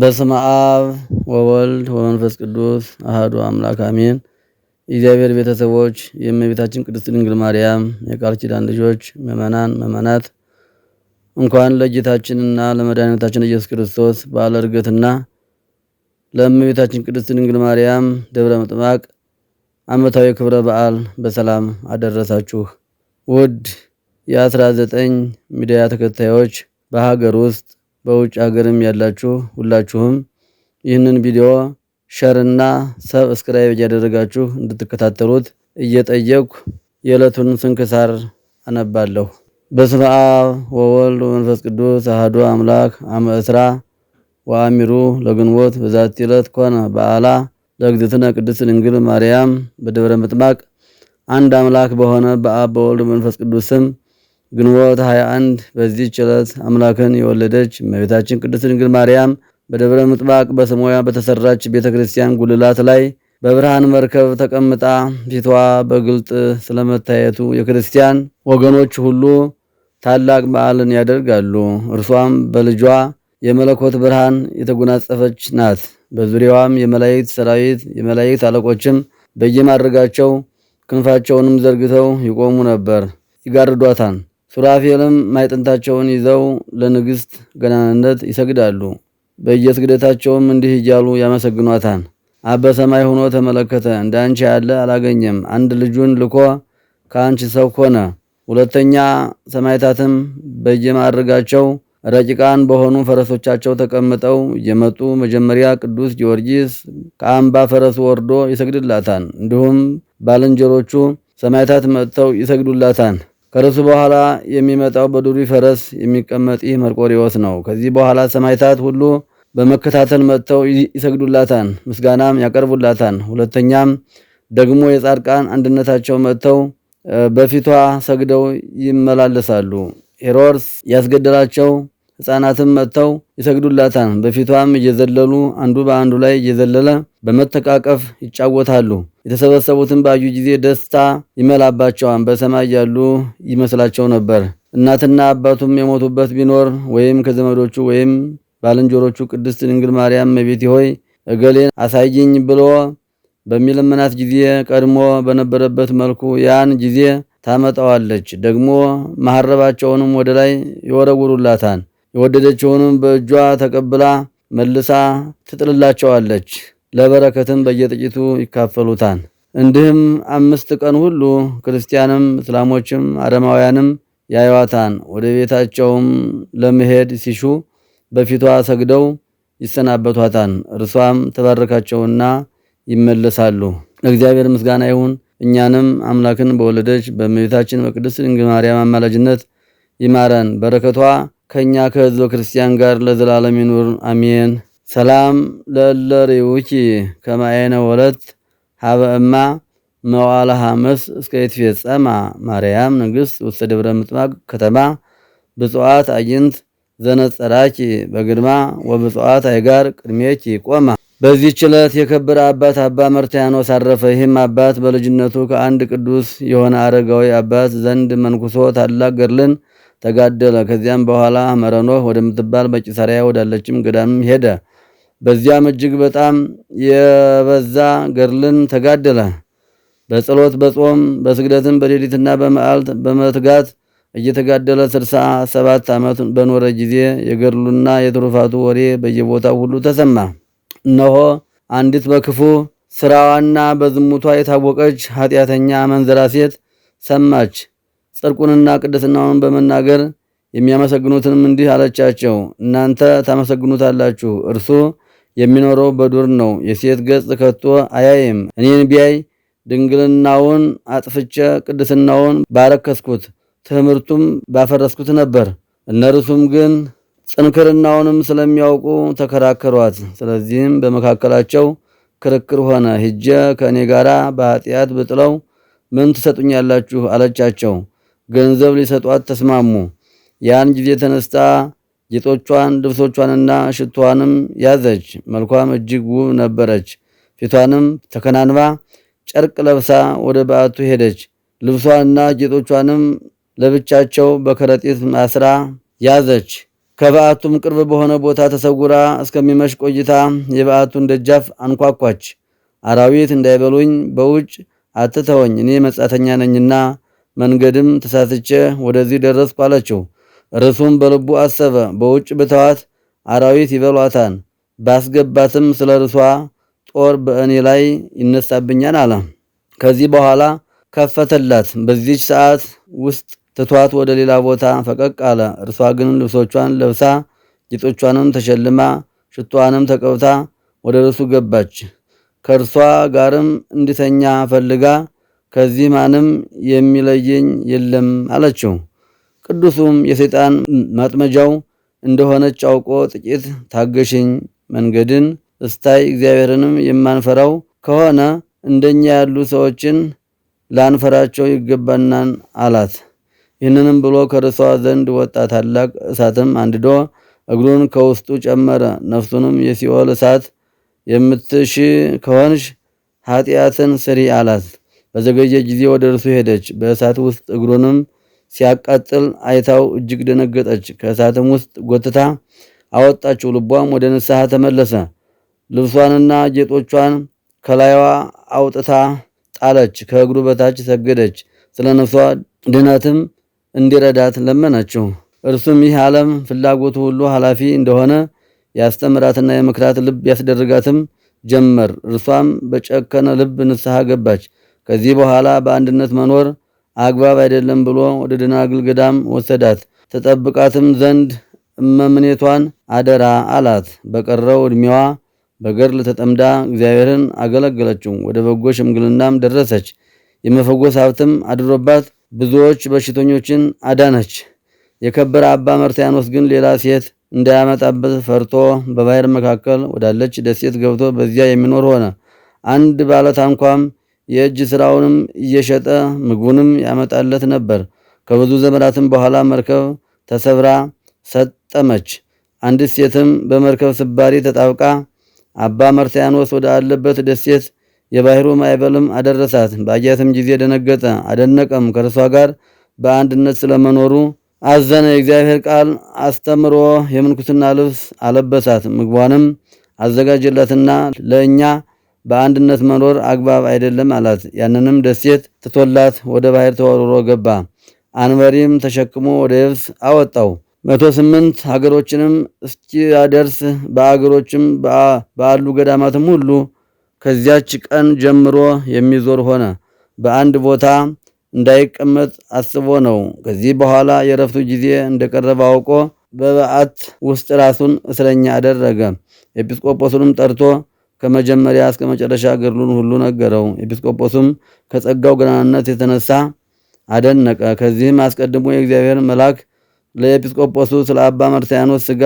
በስመ አብ ወወልድ ወመንፈስ ቅዱስ አህዱ አምላክ አሜን። እግዚአብሔር ቤተሰቦች፣ የእመቤታችን ቅድስት ድንግል ማርያም የቃል ኪዳን ልጆች፣ ምእመናን መመናት። እንኳን ለጌታችንና ለመድኃኒታችን ኢየሱስ ክርስቶስ በዓለ ዕርገትና ለእመቤታችን ቅድስት ድንግል ማርያም ደብረ ምጥማቅ ዓመታዊ ክብረ በዓል በሰላም አደረሳችሁ። ውድ የ19 ሚዲያ ተከታዮች በሀገር ውስጥ በውጭ ሀገርም ያላችሁ ሁላችሁም ይህንን ቪዲዮ ሸርና ሰብስክራይብ እያደረጋችሁ እንድትከታተሉት እየጠየቅኩ የዕለቱን ስንክሳር አነባለሁ። በስመ አብ ወወልድ ወመንፈስ ቅዱስ አህዶ አምላክ አመ ወአሚሩ ለግንቦት በዛቲ ዕለት ኮነ በዓላ ለእግዝእትነ ቅድስት ድንግል ማርያም በደብረ ምጥማቅ። አንድ አምላክ በሆነ በአብ በወልድ መንፈስ ቅዱስ ስም ግንቦት 21 በዚህች ዕለት አምላክን የወለደች እመቤታችን ቅድስት ድንግል ማርያም በደብረ ምጥባቅ በሰሞያ በተሰራች ቤተ ክርስቲያን ጉልላት ላይ በብርሃን መርከብ ተቀምጣ ፊቷ በግልጥ ስለመታየቱ የክርስቲያን ወገኖች ሁሉ ታላቅ በዓልን ያደርጋሉ። እርሷም በልጇ የመለኮት ብርሃን የተጎናጸፈች ናት። በዙሪያዋም የመላእክት ሰራዊት የመላእክት አለቆችም በየማድረጋቸው ክንፋቸውንም ዘርግተው ይቆሙ ነበር፣ ይጋርዷታል። ሱራፌልም ማይጥንታቸውን ይዘው ለንግሥት ገናንነት ይሰግዳሉ። በየስግደታቸውም እንዲህ እያሉ ያመሰግኗታል። አበ ሰማይ ሆኖ ተመለከተ፣ እንደ አንቺ ያለ አላገኘም። አንድ ልጁን ልኮ ከአንቺ ሰው ሆነ። ሁለተኛ ሰማይታትም በየማድረጋቸው ረቂቃን በሆኑ ፈረሶቻቸው ተቀምጠው እየመጡ መጀመሪያ ቅዱስ ጊዮርጊስ ከአምባ ፈረሱ ወርዶ ይሰግድላታል። እንዲሁም ባልንጀሮቹ ሰማይታት መጥተው ይሰግዱላታል። ከርሱ በኋላ የሚመጣው በዱሪ ፈረስ የሚቀመጥ ይህ መርቆሪዎስ ነው። ከዚህ በኋላ ሰማይታት ሁሉ በመከታተል መጥተው ይሰግዱላታን ምስጋናም ያቀርቡላታን። ሁለተኛም ደግሞ የጻድቃን አንድነታቸው መጥተው በፊቷ ሰግደው ይመላለሳሉ። ሄሮድስ ያስገደላቸው ሕፃናትም መጥተው ይሰግዱላታን። በፊቷም እየዘለሉ አንዱ በአንዱ ላይ እየዘለለ በመተቃቀፍ ይጫወታሉ። የተሰበሰቡትን ባዩ ጊዜ ደስታ ይመላባቸዋል። በሰማይ ያሉ ይመስላቸው ነበር። እናትና አባቱም የሞቱበት ቢኖር ወይም ከዘመዶቹ ወይም ባልንጀሮቹ ቅድስት ድንግል ማርያም መቤቴ ሆይ እገሌን አሳይኝ ብሎ በሚለምናት ጊዜ ቀድሞ በነበረበት መልኩ ያን ጊዜ ታመጣዋለች። ደግሞ መሐረባቸውንም ወደ ላይ ይወረውሩላታል። የወደደችውንም በእጇ ተቀብላ መልሳ ትጥልላቸዋለች። ለበረከትም በየጥቂቱ ይካፈሉታል። እንዲህም አምስት ቀን ሁሉ ክርስቲያንም፣ እስላሞችም፣ አረማውያንም ያዩዋታን። ወደ ቤታቸውም ለመሄድ ሲሹ በፊቷ ሰግደው ይሰናበቷታን። እርሷም ተባረካቸውና ይመለሳሉ። ለእግዚአብሔር ምስጋና ይሁን። እኛንም አምላክን በወለደች በእመቤታችን በቅድስት ድንግል ማርያም አማላጅነት ይማረን። በረከቷ ከእኛ ከሕዝበ ክርስቲያን ጋር ለዘላለም ይኑር አሜን። ሰላም ለለሪውኪ ከማየነ ወለት ሀበ እማ መዋዕለ ሐመስ እስከ ይትፌጸማ ማርያም ንግሥት ውስተ ደብረ ምጥማቅ ከተማ ብፅዋት አዕይንት ዘነጸራች በግርማ ወብፅዋት አይጋር ቅድሜች ቆማ። በዚህ ችለት የከበረ አባት አባ መርትያኖስ አረፈ። ይህም አባት በልጅነቱ ከአንድ ቅዱስ የሆነ አረጋዊ አባት ዘንድ መንኩሶ ታላቅ ገድልን ተጋደለ። ከዚያም በኋላ መረኖህ ወደምትባል በቂሳሪያ ወዳለችም ገዳም ሄደ። በዚያም እጅግ በጣም የበዛ ገድልን ተጋደለ። በጸሎት በጾም በስግደትም በሌሊትና በመዓልት በመትጋት እየተጋደለ ስልሳ ሰባት ዓመት በኖረ ጊዜ የገድሉና የትሩፋቱ ወሬ በየቦታው ሁሉ ተሰማ። እነሆ አንዲት በክፉ ስራዋና በዝሙቷ የታወቀች ኃጢአተኛ አመንዝራ ሴት ሰማች። ጽድቁንና ቅድስናውን በመናገር የሚያመሰግኑትንም እንዲህ አለቻቸው፣ እናንተ ታመሰግኑታላችሁ፣ እርሱ የሚኖረው በዱር ነው። የሴት ገጽ ከቶ አያይም። እኔን ቢያይ ድንግልናውን አጥፍቼ ቅድስናውን ባረከስኩት፣ ትምህርቱም ባፈረስኩት ነበር። እነርሱም ግን ጥንክርናውንም ስለሚያውቁ ተከራከሯት። ስለዚህም በመካከላቸው ክርክር ሆነ። ሂጄ ከእኔ ጋራ በኃጢአት ብጥለው ምን ትሰጡኛላችሁ? አለቻቸው። ገንዘብ ሊሰጧት ተስማሙ። ያን ጊዜ ተነስታ ጌጦቿን ልብሶቿንና ሽቷንም ያዘች። መልኳም እጅግ ውብ ነበረች። ፊቷንም ተከናንባ ጨርቅ ለብሳ ወደ በዓቱ ሄደች። ልብሷንና ጌጦቿንም ለብቻቸው በከረጢት ማስራ ያዘች። ከበዓቱም ቅርብ በሆነ ቦታ ተሰውራ እስከሚመሽ ቆይታ የበዓቱን ደጃፍ አንኳኳች። አራዊት እንዳይበሉኝ በውጭ አትተወኝ፣ እኔ መጻተኛ ነኝና መንገድም ተሳስቼ ወደዚህ ደረስኩ አለችው። እርሱም በልቡ አሰበ፣ በውጭ ብተዋት አራዊት ይበሏታል፣ ባስገባትም ስለ እርሷ ጦር በእኔ ላይ ይነሳብኛል አለ። ከዚህ በኋላ ከፈተላት። በዚች ሰዓት ውስጥ ትቷት ወደ ሌላ ቦታ ፈቀቅ አለ። እርሷ ግን ልብሶቿን ለብሳ ጌጦቿንም ተሸልማ ሽቷንም ተቀብታ ወደ እርሱ ገባች። ከእርሷ ጋርም እንዲተኛ ፈልጋ ከዚህ ማንም የሚለየኝ የለም አለችው። ቅዱሱም የሰይጣን ማጥመጃው እንደሆነች አውቆ ጥቂት ታገሽኝ፣ መንገድን እስታይ እግዚአብሔርንም የማንፈራው ከሆነ እንደኛ ያሉ ሰዎችን ላንፈራቸው ይገባናን አላት። ይህንንም ብሎ ከርሷ ዘንድ ወጣ። ታላቅ እሳትም አንድዶ እግሩን ከውስጡ ጨመረ። ነፍሱንም የሲኦል እሳት የምትሽ ከሆንሽ ኃጢአትን ስሪ አላት። በዘገየ ጊዜ ወደ እርሱ ሄደች። በእሳት ውስጥ እግሩንም ሲያቃጥል አይታው እጅግ ደነገጠች። ከእሳትም ውስጥ ጎትታ አወጣችው። ልቧም ወደ ንስሐ ተመለሰ። ልብሷንና ጌጦቿን ከላይዋ አውጥታ ጣለች። ከእግሩ በታች ሰገደች። ስለ ነፍሷ ድነትም እንዲረዳት ለመነችው። እርሱም ይህ ዓለም ፍላጎቱ ሁሉ ኃላፊ እንደሆነ ያስተምራትና የምክራት ልብ ያስደርጋትም ጀመር። እርሷም በጨከነ ልብ ንስሐ ገባች። ከዚህ በኋላ በአንድነት መኖር አግባብ አይደለም ብሎ ወደ ደናግል ገዳም ወሰዳት። ተጠብቃትም ዘንድ እመምኔቷን አደራ አላት። በቀረው ዕድሜዋ በገድል ተጠምዳ እግዚአብሔርን አገለገለችው። ወደ በጎ ሽምግልናም ደረሰች። የመፈወስ ሀብትም አድሮባት ብዙዎች በሽተኞችን አዳነች። የከበረ አባ መርትያኖስ ግን ሌላ ሴት እንዳያመጣበት ፈርቶ በባህር መካከል ወዳለች ደሴት ገብቶ በዚያ የሚኖር ሆነ። አንድ ባለ የእጅ ሥራውንም እየሸጠ ምግቡንም ያመጣለት ነበር። ከብዙ ዘመናትም በኋላ መርከብ ተሰብራ ሰጠመች። አንዲት ሴትም በመርከብ ስባሪ ተጣብቃ አባ መርትያኖስ ወደ አለበት ደሴት የባህሩ ማዕበልም አደረሳት። በአያትም ጊዜ ደነገጠ፣ አደነቀም። ከእርሷ ጋር በአንድነት ስለመኖሩ አዘነ። የእግዚአብሔር ቃል አስተምሮ የምንኩስና ልብስ አለበሳት። ምግቧንም አዘጋጀላትና ለእኛ በአንድነት መኖር አግባብ አይደለም አላት። ያንንም ደሴት ትቶላት ወደ ባህር ተወርሮ ገባ። አንበሪም ተሸክሞ ወደ የብስ አወጣው። መቶ ስምንት ሀገሮችንም እስኪያደርስ በአገሮችም በአሉ ገዳማትም ሁሉ ከዚያች ቀን ጀምሮ የሚዞር ሆነ። በአንድ ቦታ እንዳይቀመጥ አስቦ ነው። ከዚህ በኋላ የረፍቱ ጊዜ እንደቀረበ አውቆ በበዓት ውስጥ ራሱን እስረኛ አደረገ። ኤጲስቆጶሱንም ጠርቶ ከመጀመሪያ እስከ መጨረሻ ገድሉን ሁሉ ነገረው። ኤጲስቆጶስም ከጸጋው ገናነት የተነሳ አደነቀ። ከዚህም አስቀድሞ የእግዚአብሔር መልአክ ለኤጲስቆጶሱ ስለ አባ መርሳያኖስ ስጋ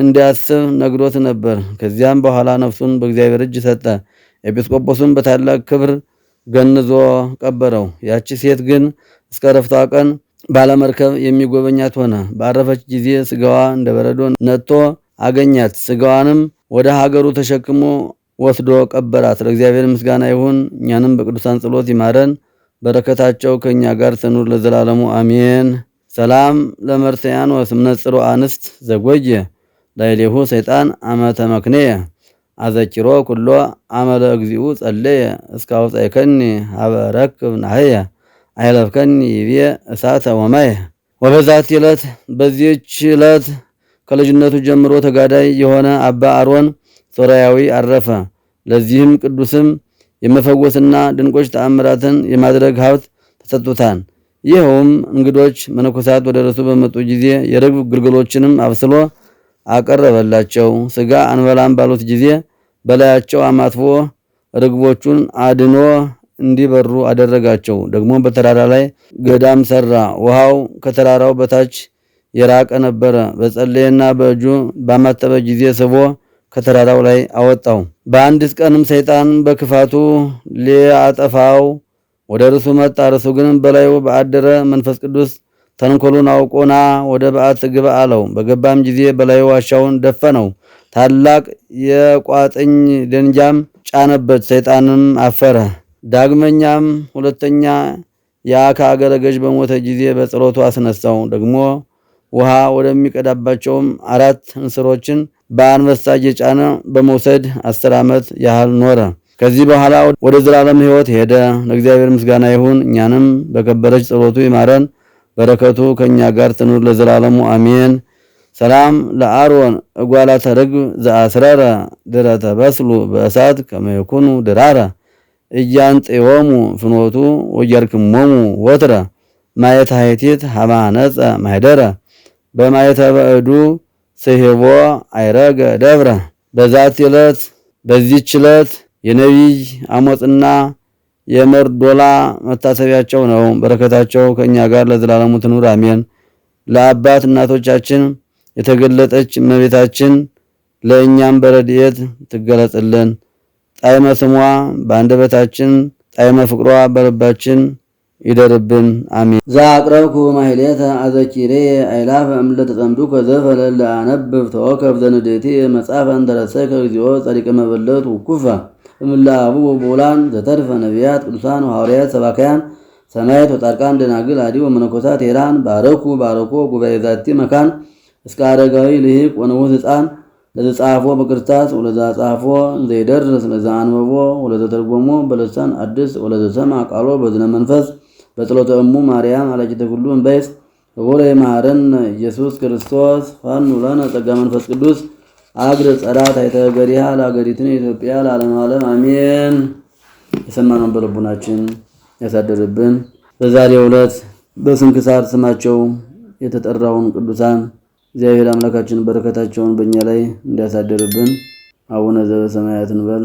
እንዲያስብ ነግሮት ነበር። ከዚያም በኋላ ነፍሱን በእግዚአብሔር እጅ ሰጠ። ኤጲስቆጶስም በታላቅ ክብር ገንዞ ቀበረው። ያቺ ሴት ግን እስከ ረፍቷ ቀን ባለመርከብ የሚጎበኛት ሆነ። ባረፈች ጊዜ ስጋዋ እንደ በረዶ ነጥቶ አገኛት። ስጋዋንም ወደ ሀገሩ ተሸክሞ ወስዶ ቀበራት። ለእግዚአብሔር ምስጋና ይሁን፣ እኛንም በቅዱሳን ጸሎት ይማረን፣ በረከታቸው ከእኛ ጋር ትኑር ለዘላለሙ አሜን። ሰላም ለመርተያን ወስምነጽሮ አንስት ዘጎየ ላይሌሁ ሰይጣን አመተ መክኔየ አዘኪሮ ኩሎ አመለ እግዚኡ ጸለየ እስካውፃይከኒ ሀበ ረክብ ናህየ አይለፍከኒ ይብየ እሳተ ወማየ። ወበዛት ዕለት በዚህች ዕለት ከልጅነቱ ጀምሮ ተጋዳይ የሆነ አባ አሮን ሶርያዊ አረፈ። ለዚህም ቅዱስም የመፈወስና ድንቆች ተአምራትን የማድረግ ሀብት ተሰጥቶታል። ይኸውም እንግዶች መነኮሳት ወደ እርሱ በመጡ ጊዜ የርግብ ግልገሎችንም አብስሎ አቀረበላቸው። ስጋ አንበላም ባሉት ጊዜ በላያቸው አማትቦ ርግቦቹን አድኖ እንዲበሩ አደረጋቸው። ደግሞ በተራራ ላይ ገዳም ሰራ። ውሃው ከተራራው በታች የራቀ ነበረ። በጸለየና በእጁ ባማተበ ጊዜ ስቦ ከተራራው ላይ አወጣው። በአንዲት ቀንም ሰይጣን በክፋቱ ሊያጠፋው ወደ እርሱ መጣ። እርሱ ግን በላዩ በአደረ መንፈስ ቅዱስ ተንኮሉን አውቆና ወደ በዓት ግባ አለው። በገባም ጊዜ በላዩ ዋሻውን ደፈነው፣ ታላቅ የቋጥኝ ደንጃም ጫነበት። ሰይጣንም አፈረ። ዳግመኛም ሁለተኛ ያ ከአገረ ገዥ በሞተ ጊዜ በጸሎቱ አስነሳው። ደግሞ ውሃ ወደሚቀዳባቸውም አራት እንስሮችን በአንበሳ እየጫነ በመውሰድ አስር ዓመት ያህል ኖረ። ከዚህ በኋላ ወደ ዘላለም ሕይወት ሄደ። ለእግዚአብሔር ምስጋና ይሁን፣ እኛንም በከበረች ጸሎቱ ይማረን፣ በረከቱ ከእኛ ጋር ትኑር ለዘላለሙ አሜን። ሰላም ለአሮን እጓላ ርግብ ዘአስረረ ድረተ በስሉ በእሳት ከመይኩኑ ድራረ እያንጤዎሙ ፍኖቱ ወያርክሞሙ ወትረ ማየት ሀይቲት ሀማነፀ ማይደረ በማየተ በእዱ ሰሄቦ አይረገ ደብረ በዛት ዕለት በዚች ዕለት የነቢይ አሞጽና የመርዶላ መታሰቢያቸው ነው። በረከታቸው ከእኛ ጋር ለዘላለሙ ትኑር አሜን። ለአባት እናቶቻችን የተገለጠች እመቤታችን ለእኛም በረድኤት ትገለጽልን። ጣዕመ ስሟ በአንደበታችን ጣዕመ ፍቅሯ በልባችን ይደርብን አሜን። ዛቅረብኩ ማይሌተ አዘኪሬ አይላፈ እምለ ተጸምዱ ከዘፈለለ አነብብ ተወከፍ ዘንዴቴ መጽሐፈ እንተረሰ ከግዚኦ ጸሪቀ መበለት ውኩፈ እምለ ቦላን ዘተርፈ ነቢያት ቅዱሳን ሐዋርያት ሰባካያን ሰማያት ወጻድቃን ደናግል አዲ ወመነኮሳት ሄራን ባረኩ ባረኮ ጉባኤ ዛቲ መካን እስከ አረጋዊ ልሂቅ ወንውት ህፃን ለዘጻፎ በክርስታስ ወለዛ ጻፎ ዘይደርስ ለዛ አንበቦ ወለዘተርጎሞ በለሳን አዲስ ወለዘሰማ ቃሎ በዝነ መንፈስ በጸሎተ እሙ ማርያም አላቂተ ኩሉ እንበይስ ወለ ማረን ኢየሱስ ክርስቶስ ፋኑ ለነ ጸጋ መንፈስ ቅዱስ አግረ ጸራት አይተ ገሪሃ ለሀገሪቱን ኢትዮጵያ ለዓለም ዓለም አሜን። የሰማነውን በልቡናችን ያሳደርብን። በዛሬው ዕለት በስንክሳር ስማቸው የተጠራውን ቅዱሳን እግዚአብሔር አምላካችን በረከታቸውን በእኛ ላይ እንዲያሳደርብን አቡነ ዘበሰማያት እንበል።